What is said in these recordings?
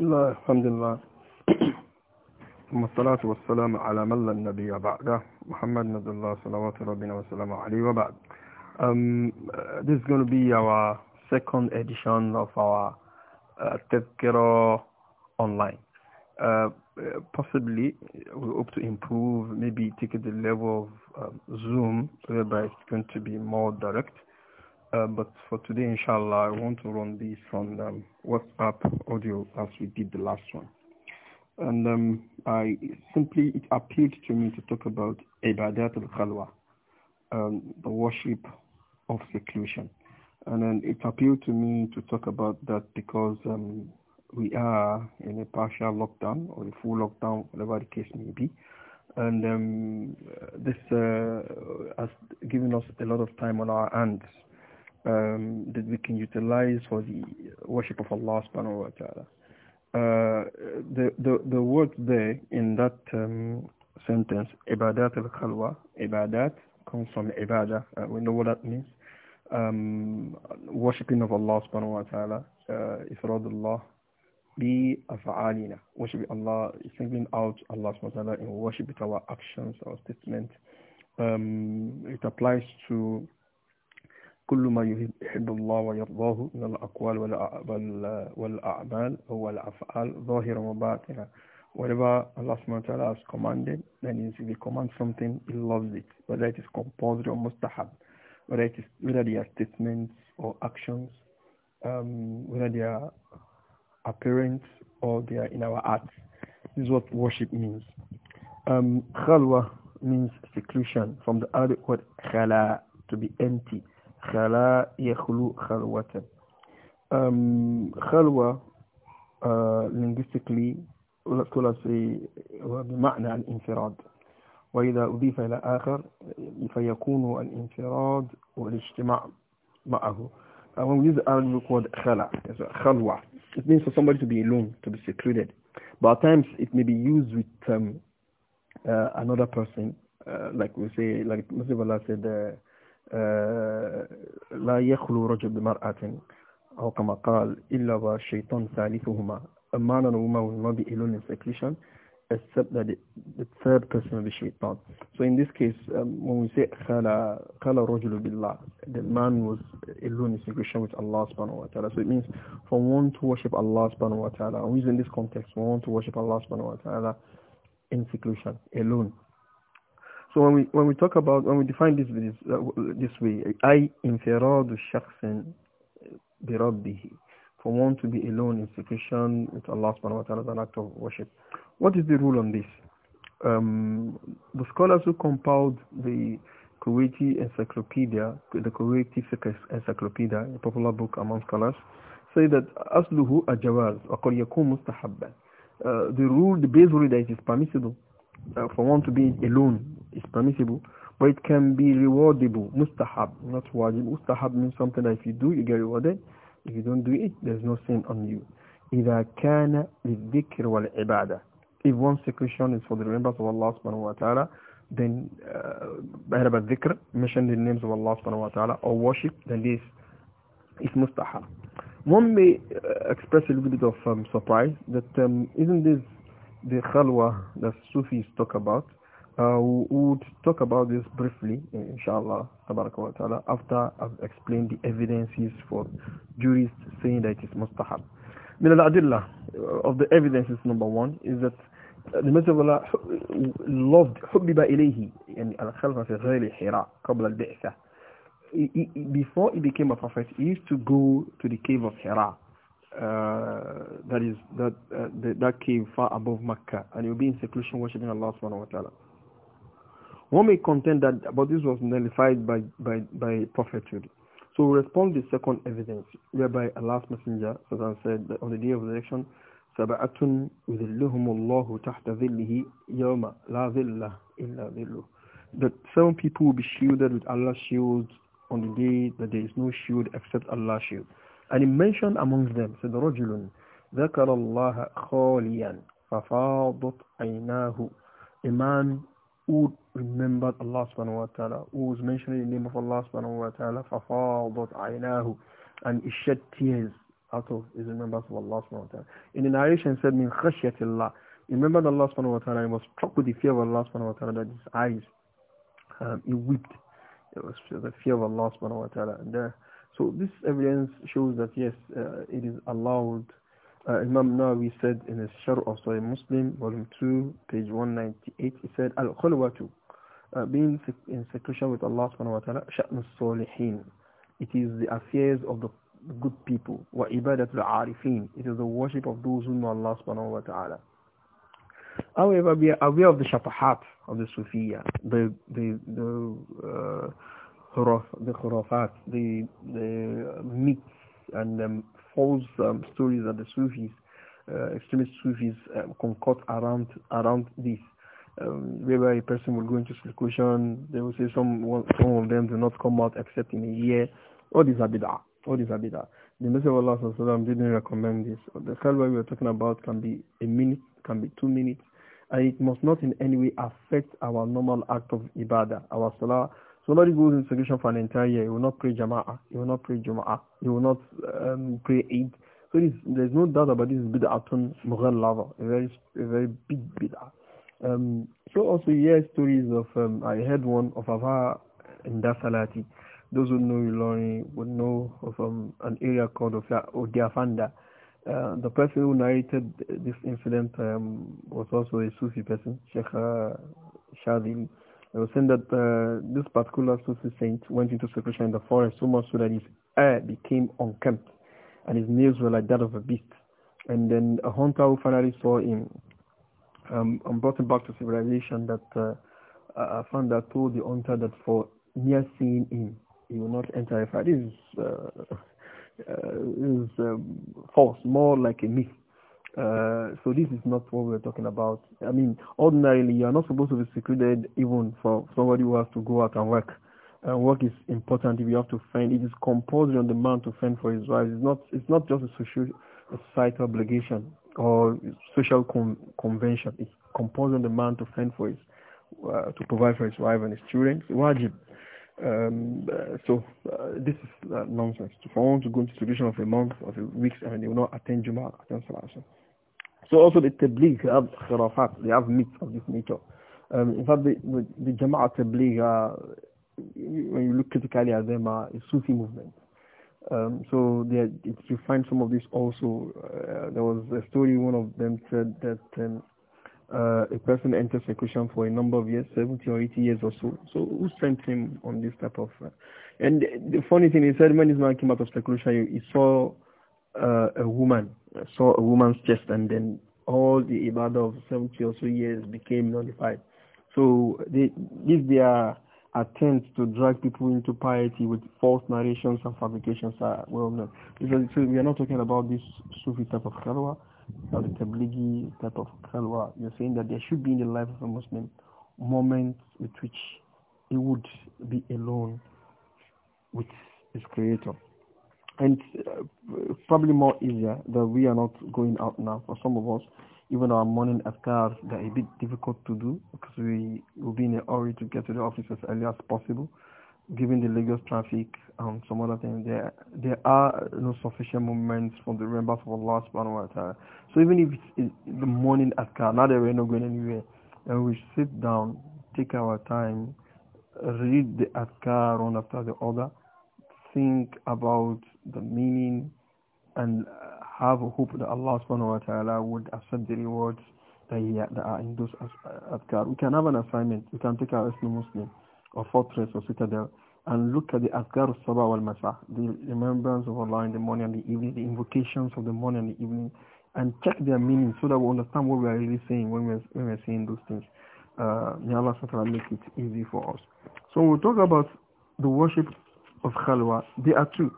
الله الحمد لله والسلام على من بعده محمد الله صلوات ربنا عليه وبعد um, uh, this is going to be our second edition of our uh, online uh, possibly we hope to improve maybe take the level of um, Zoom whereby it's going to be more direct uh, but for today, inshallah, I want to run this on um, WhatsApp audio as we did the last one. And um, I simply, it appealed to me to talk about Ibadat al-Khalwa, um, the worship of seclusion. And then it appealed to me to talk about that because um, we are in a partial lockdown or a full lockdown, whatever the case may be and um, this uh, has given us a lot of time on our hands um, that we can utilize for the worship of Allah subhanahu wa ta'ala. Uh, the, the, the word there in that um, sentence, ibadat al-khalwa, ibadat comes from ibadah, uh, we know what that means. Um, worshipping of Allah subhanahu wa ta'ala, uh, ifradullah, bi af'alina, worship Allah, singling out Allah subhanahu wa ta'ala in worship with our actions, our statements. Um, it applies to كل ما يحب الله ويرضاه من الأقوال والأعمال الأفعال ظاهرة وباطنة Whatever Allah subhanahu wa ta'ala has commanded, then if he commands something, he loves it, whether it is compulsory or mustahab, whether it is whether they are statements or actions, um, whether they are apparent or they are in our hearts. This is what worship means. Um, khalwa means seclusion from the Arabic word khala, to be empty. خلا يخلو خلوة um, خلوة uh, linguistically تلقي بمعنى الانفراد وإذا أضيف إلى آخر فيكون الانفراد والاجتماع معه uh, when we use the Arabic word call خلا خلوة it means for somebody to be alone to be secluded but at times it may be used with um, uh, another person uh, like we say like Mr. Allah said uh, لا يخلو رجل بمرأة أو كما قال إلا والشيطان ثالثهما a man and a woman will not be alone in seclusion except that the, the third person will be shaitan. So in this case, um, when we say khala, khala rajulu billah, the man was alone in seclusion with Allah subhanahu wa ta'ala. So it means for one to worship Allah subhanahu wa ta'ala, and in this context, for one to worship Allah subhanahu wa ta'ala in seclusion, alone. So when we when we talk about when we define this this, uh, this way, I infiradu shakhsin uh, bi rabbihi, for one to be alone in seclusion with Allah subhanahu wa ta'ala is an act of worship. What is the rule on this? Um, the scholars who compiled the Kuwaiti encyclopedia, the Kuwaiti encyclopedia, a popular book among scholars, say that asluhu ajawaz wa qad yakun mustahabban. Uh, the rule, the base rule that it is permissible uh, for one to be alone is permissible, but it can be rewardable, mustahab, not wajib. Mustahab means something that if you do, you get rewarded. If you don't do it, there's no sin on you. إذا كان للذكر والعبادة If one secretion is for the remembrance of Allah subhanahu wa ta'ala, then Bahrab uh, al-Dhikr, mention the names of Allah subhanahu wa ta'ala, or worship, then this is mustahab. One may uh, express a little bit of um, surprise that um, not this the khalwa that Sufis talk about. Uh, we would talk about this briefly, inshallah, after I've explained the evidences for jurists saying that it is mustahab. Min al-adillah uh, of the evidences, number one, is that uh, the Messenger of Allah uh, loved حُبِّبَ إِلَيْهِ يعني الخلف في غير حراء قبل البعثة before he became a prophet, he used to go to the cave of Hira uh, that is that uh, the, that came far above Mecca, and he will be in seclusion worshiping Allah subhanahu wa ta'ala. One may contend that, but this was nullified by, by, by prophethood. So we respond the second evidence, whereby Allah's Messenger said that on the day of election, سَبَعَةٌ يُذِلُّهُمُ اللَّهُ تَحْتَ ذِلِّهِ يَوْمَ لَا ذِلَّ إِلَّا ذِلُّهُ That seven people will be shielded with Allah's shield on the day that there is no shield except Allah's shield. And he mentioned amongst them, said رجل ذكر الله خاليا ففاضت عيناه A man who remembered Allah subhanahu wa ta'ala, who was mentioning the name of Allah subhanahu wa ta'ala, ففاضت عيناه And he shed tears out of his remembrance of Allah subhanahu wa ta'ala. In the narration said, من خشية الله he Remembered Allah subhanahu wa ta'ala, he was struck with the fear of Allah subhanahu wa ta'ala that his eyes, um, he wept. It was the fear of Allah subhanahu wa ta'ala. And there, So this evidence shows that yes, uh, it is allowed. Uh, Imam Nawawi said in his Sharh of Sahih Muslim, Volume 2, page 198, he said, Al-Khulwatu, uh, being in seclusion with Allah subhanahu wa ta'ala, Sha'nus Salihin. It is the affairs of the good people. Wa ibadat al-arifin. It is the worship of those who know Allah subhanahu wa ta'ala. However, we are aware of the shafahat of the Sufiya, the, the, the uh, the khurafat, the, the myths and um, false um, stories that the Sufis, uh, extremist Sufis, um, concoct around around this. Um, whereby a person will go into seclusion, they will say some some of them do not come out except in a year. All these are bid'ah. All these are The Messenger of Allah sallam, didn't recommend this. The khalwa we are talking about can be a minute, can be two minutes, and it must not in any way affect our normal act of ibadah, our salah, Somebody goes into seclusion for an entire year, he will not pray Jama'ah, he will not pray Jama'ah, he will not um, pray Eid. So this, there's no doubt about this bid'atun lava. a very, a very big bid'ah. Um, so also hear stories of, um, I heard one of Ava Ndasalati. Those who know Ilori would know of um, an area called Odiafanda. Uh, the person who narrated this incident um, was also a Sufi person, Sheikh uh, Shadili. I was saying that uh, this particular Sufi saint went into seclusion in the forest so much so that his hair became unkempt and his nails were like that of a beast. And then a hunter who finally saw him um, and brought him back to civilization that uh, I that told the hunter that for near seeing him, he will not enter a fire. This is, uh, uh is um, false, more like a myth. Uh, so this is not what we're talking about. I mean, ordinarily, you are not supposed to be secluded even for somebody who has to go out and work. Uh, work is important if you have to fend. It is compulsory on the man to fend for his wife. It's not, it's not just a, social, a societal obligation or social con convention. It's compulsory on the man to fend for his, uh, to provide for his wife and his children. It's wajib. Um, uh, so uh, this is uh, nonsense. If I want to go into distribution of a month, of a week, I mean, they will not attend Juma, attend Salah. So also the tabligh, they have they have myths of this nature. Um, in fact, the, the, the Jama'at tabligh, uh, when you look critically at them, are a Sufi movement. Um, so are, you find some of this also. Uh, there was a story one of them said that um, uh, a person enters seclusion for a number of years, 70 or 80 years or so. So who sent him on this type of... Uh, and the funny thing is that when this man came out of seclusion, he saw uh, a woman, saw a woman's chest, and then all the ibadah of 70 or so years became nullified. So they, if they are attempts to drag people into piety with false narrations and fabrications are well known. So we are not talking about this Sufi type of Khalwa. Of the tablighi type of khalwa, you're saying that there should be in the life of a Muslim moments with which he would be alone with his creator. And uh, probably more easier that we are not going out now. For some of us, even our morning afkars, they're a bit difficult to do because we will be in a hurry to get to the office as early as possible given the Lagos traffic and some other things, there there are no sufficient moments for the remembrance of Allah subhanahu wa ta'ala. So even if it's, the morning at car, now that we're not going anywhere, and we sit down, take our time, read the adkar one after the other, think about the meaning, and have a hope that Allah subhanahu wa ta'ala would accept the rewards that, he, that are in those adkar. We can have an assignment, we can take our Muslim or fortress or citadel and look at the Asgar Sabah wal Masa, the remembrance of Allah in the morning and the evening, the invocations of the morning and the evening, and check their meaning so that we understand what we are really saying when we're, when we're saying those things. Uh, may Allah SWT make it easy for us. So we'll talk about the worship of Khalwa. There are two.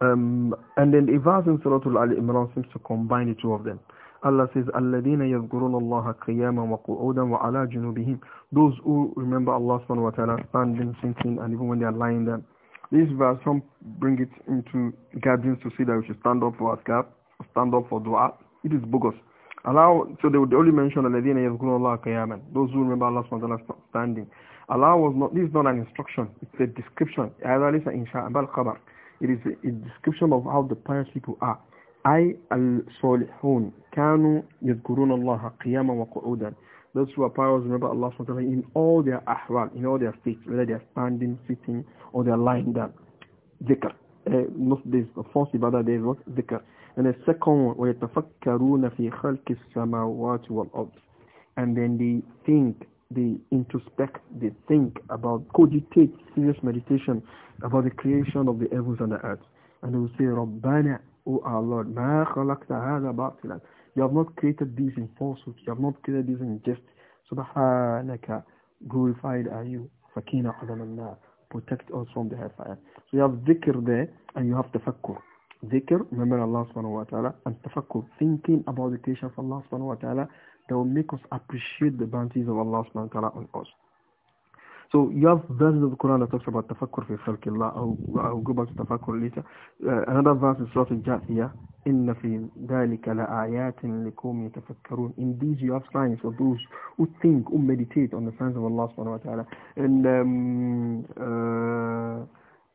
Um, and then the verse in Surah Al-Imran seems to combine the two of them. Allah says, "Alladina yazkurun Allah qiyaman wa qu'udan wa junubihim." Those who remember Allah subhanahu wa ta'ala standing, sitting, and even when they are lying down. This verse, some bring it into guidance to see that we should stand up for askar, stand up for dua. It is bogus. Allow, so they would only mention Alladina yazkurun Allah qiyaman. Those who remember Allah subhanahu wa ta'ala standing. Allah was not, this is not an instruction, it's a description. It is a description of how the pious people are. أي الصالحون كانوا يذكرون الله قياما وقعودا Those who are pious remember Allah SWT in all their ahwal, in all their states, whether they are standing, sitting, or they are lying down. Zikr. Uh, eh, not this, the first ibadah there is what? Zikr. And the second one, وَيَتَفَكَّرُونَ فِي خَلْقِ السَّمَاوَاتِ وَالْأَرْضِ And then they think, they introspect, they think about, cogitate, serious meditation about the creation of the heavens and the earth. And they will say, رَبَّنَا O oh, our Lord, You have not created this in falsehood. You have not created this in jest. Subhanaka, glorified are you. Fakina Allah, protect us from the hellfire. So you have dhikr there and you have tafakkur. Dhikr, remember Allah subhanahu wa ta'ala, and tafakkur, thinking about the creation of Allah subhanahu wa ta'ala that will make us appreciate the bounties of Allah subhanahu wa ta'ala on us. So you have verses of the Quran that talks about tafakkur fi khalqillah. I'll, I'll go back to tafakkur later. Uh, another verse is Surah Al-Jathiyah. إِنَّ فِي ذَلِكَ لَآيَاتٍ لِكُمْ يَتَفَكَّرُونَ In these you have signs for those who think, who meditate on the signs of Allah subhanahu wa ta'ala. And um,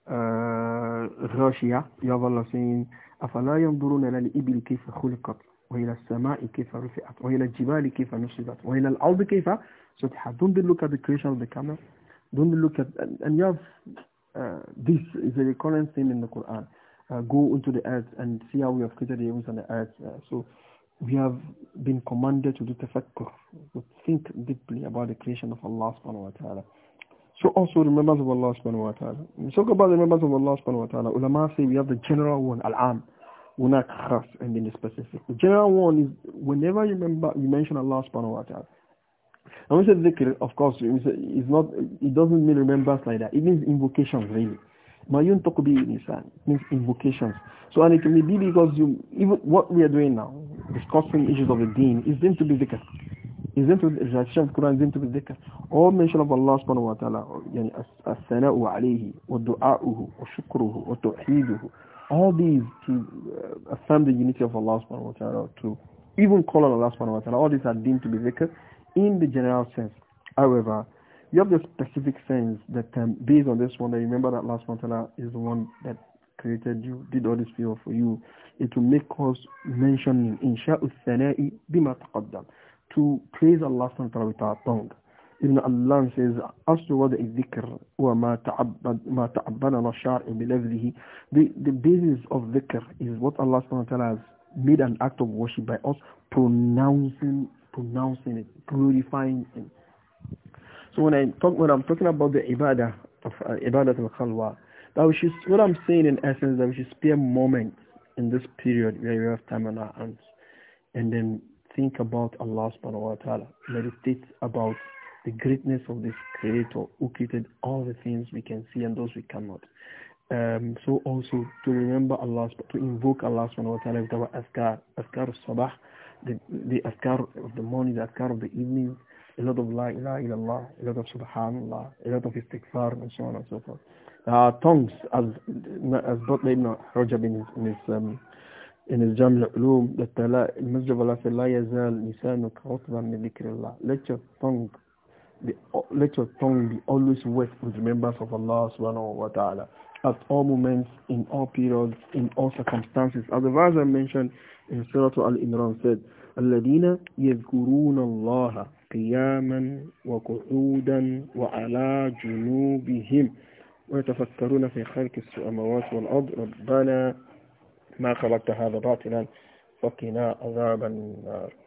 uh, uh, you have Allah saying, أَفَلَا يَنْظُرُونَ إِلَى الْإِبِلِ كَيْفَ خُلِقَتْ وإلى السماء كيف رفعت وإلى الجبال كيف نصبت وإلى الأرض كيف سطحت Don't they look at the creation of the camel don't look at, and, and you have, uh, this is a recurrent thing in the Quran. Uh, go into the earth and see how we have created the heavens and the earth. Uh, so we have been commanded to do tafakkur, to think deeply about the creation of Allah subhanahu wa ta'ala. So also remembrance of Allah subhanahu wa ta'ala. When we talk about the remembrance of Allah subhanahu wa ta'ala, ulama say we have the general one, al-am, unak khas, and then the specific. The general one is whenever you remember, you mention Allah subhanahu wa ta'ala, and when we say dhikr, of course, it's not, it doesn't mean remembrance like that. It means invocations, really. Mayun tokubi nisan means invocations. So, and it may be because you, even what we are doing now, discussing issues of the deen, is deemed to be dhikr. Is deemed to be, the of Quran is deemed to be dhikr. All mention of Allah subhanahu wa ta'ala, yani as-sana'u alayhi, wa du'a'uhu, wa shukruhu, wa All these to uh, affirm the unity of Allah subhanahu wa ta'ala, to even call on Allah subhanahu wa ta'ala, all these are deemed to be dhikr in the general sense. However, you have the specific sense that um, based on this one, that remember that last one is the one that created you, did all this for you. It will make us mention in Insha'ul bima taqaddam, to praise Allah subhanahu with our tongue. Ibn Allah says, أصل وضع الذكر وما تعبد ما تعبدنا الشارع بلفظه the, the basis of dhikr is what Allah subhanahu wa ta'ala has made an act of worship by us pronouncing pronouncing it, glorifying it. So when I talk, when I'm talking about the ibadah of uh, ibadat al-khalwa, that which is what I'm saying in essence, that we should spare moments in this period where we have time on our hands, and then think about Allah subhanahu wa taala, meditate about the greatness of this Creator who created all the things we can see and those we cannot. Um, so also to remember Allah, to invoke Allah subhanahu wa taala with our askar, askar al-sabah, the, the adhkar of the morning, the adhkar of the evening, a lot of la ilaha illallah, a lot of subhanallah, a lot of istighfar, and so on and so forth. Uh, tongues, as as brought Ibn Rajab in his in his, um, in his Jamil ulum that the Masjid of Allah said, لا يزال لسانك عطبا من ذكر الله. Let your tongue be, let your tongue be always wet with remembrance of Allah subhanahu wa ta'ala at all moments, in all periods, in all circumstances. As the verse I mentioned, سورة الإمران سيد الذين يذكرون الله قياما وقعودا وعلى جنوبهم ويتفكرون في خلق السماوات والأرض ربنا ما خلقت هذا باطلا فقنا عذاب النار